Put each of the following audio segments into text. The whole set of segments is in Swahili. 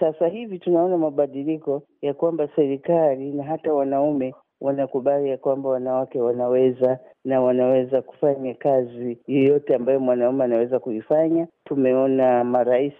Sasa hivi tunaona mabadiliko ya kwamba serikali na hata wanaume wanakubali ya kwamba wanawake wanaweza na wanaweza kufanya kazi yoyote ambayo mwanaume anaweza kuifanya. Tumeona marais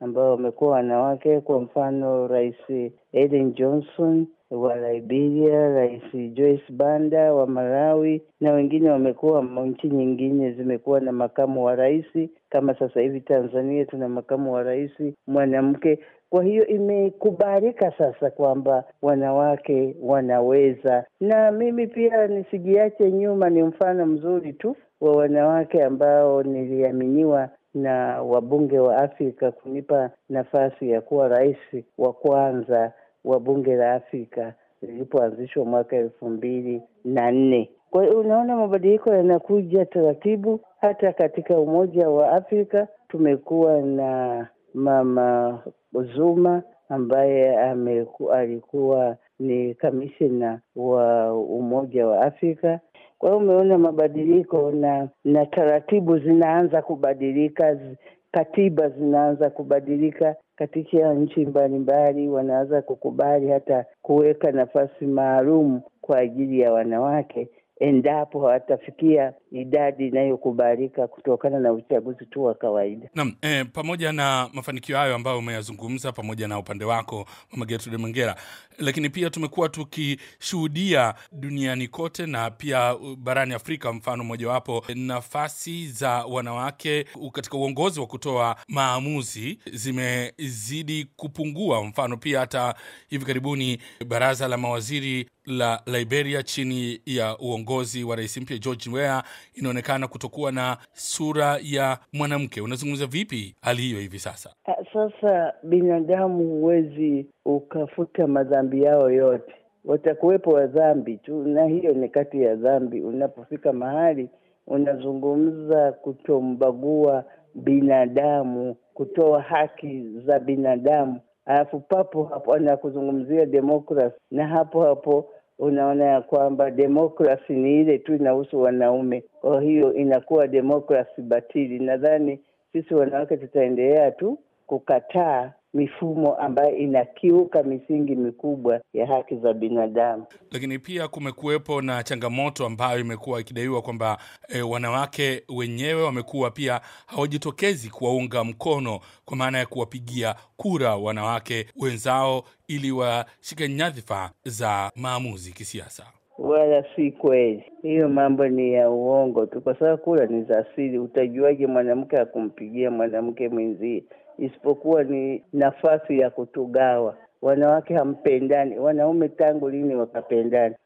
ambao wamekuwa wanawake, kwa mfano Rais Ellen Johnson wa Liberia, Rais Joyce Banda wa Malawi na wengine wamekuwa, nchi nyingine zimekuwa na makamu wa rais, kama sasa hivi Tanzania tuna makamu wa rais mwanamke. Kwa hiyo imekubalika sasa kwamba wanawake wanaweza, na mimi pia nisijiache nyuma. Ni mfano mzuri tu wa wanawake ambao niliaminiwa na wabunge wa Afrika kunipa nafasi ya kuwa rais wa kwanza wa bunge la Afrika lilipoanzishwa mwaka elfu mbili na nne. Kwa hiyo unaona mabadiliko yanakuja taratibu. Hata katika Umoja wa Afrika tumekuwa na Mama Zuma ambaye ameku, alikuwa ni kamishina wa Umoja wa Afrika. Kwa hiyo umeona mabadiliko na na taratibu zinaanza kubadilika, katiba zinaanza kubadilika, katika nchi mbalimbali wanaweza kukubali hata kuweka nafasi maalum kwa ajili ya wanawake endapo hawatafikia idadi inayokubalika kutokana na uchaguzi tu wa kawaida. Naam, eh, pamoja na mafanikio hayo ambayo umeyazungumza pamoja na upande wako Mama Gertrude Mengera, lakini pia tumekuwa tukishuhudia duniani kote na pia uh, barani Afrika, mfano mojawapo nafasi za wanawake uh, katika uongozi wa kutoa maamuzi zimezidi kupungua. Mfano pia hata hivi karibuni baraza la mawaziri la Liberia chini ya uongozi wa rais mpya George wea inaonekana kutokuwa na sura ya mwanamke. Unazungumza vipi hali hiyo hivi sasa? Ah, sasa binadamu, huwezi ukafuta madhambi yao yote, watakuwepo wadhambi tu, na hiyo ni kati ya dhambi. Unapofika mahali unazungumza kutombagua binadamu, kutoa haki za binadamu alafu papo hapo anakuzungumzia demokrasi na hapo hapo unaona ya kwamba demokrasi ni ile tu inahusu wanaume, kwa hiyo inakuwa demokrasi batili. Nadhani sisi wanawake tutaendelea tu kukataa mifumo ambayo inakiuka misingi mikubwa ya haki za binadamu. Lakini pia kumekuwepo na changamoto ambayo imekuwa ikidaiwa kwamba e, wanawake wenyewe wamekuwa pia hawajitokezi kuwaunga mkono kwa maana ya kuwapigia kura wanawake wenzao ili washike nyadhifa za maamuzi kisiasa wala si kweli. Hiyo mambo ni ya uongo tu, kwa sababu kura ni za asili. Utajuaje mwanamke akumpigia mwanamke mwenzie? Isipokuwa ni nafasi ya kutugawa. Wanawake hampendani. Wanaume tangu lini wakapendani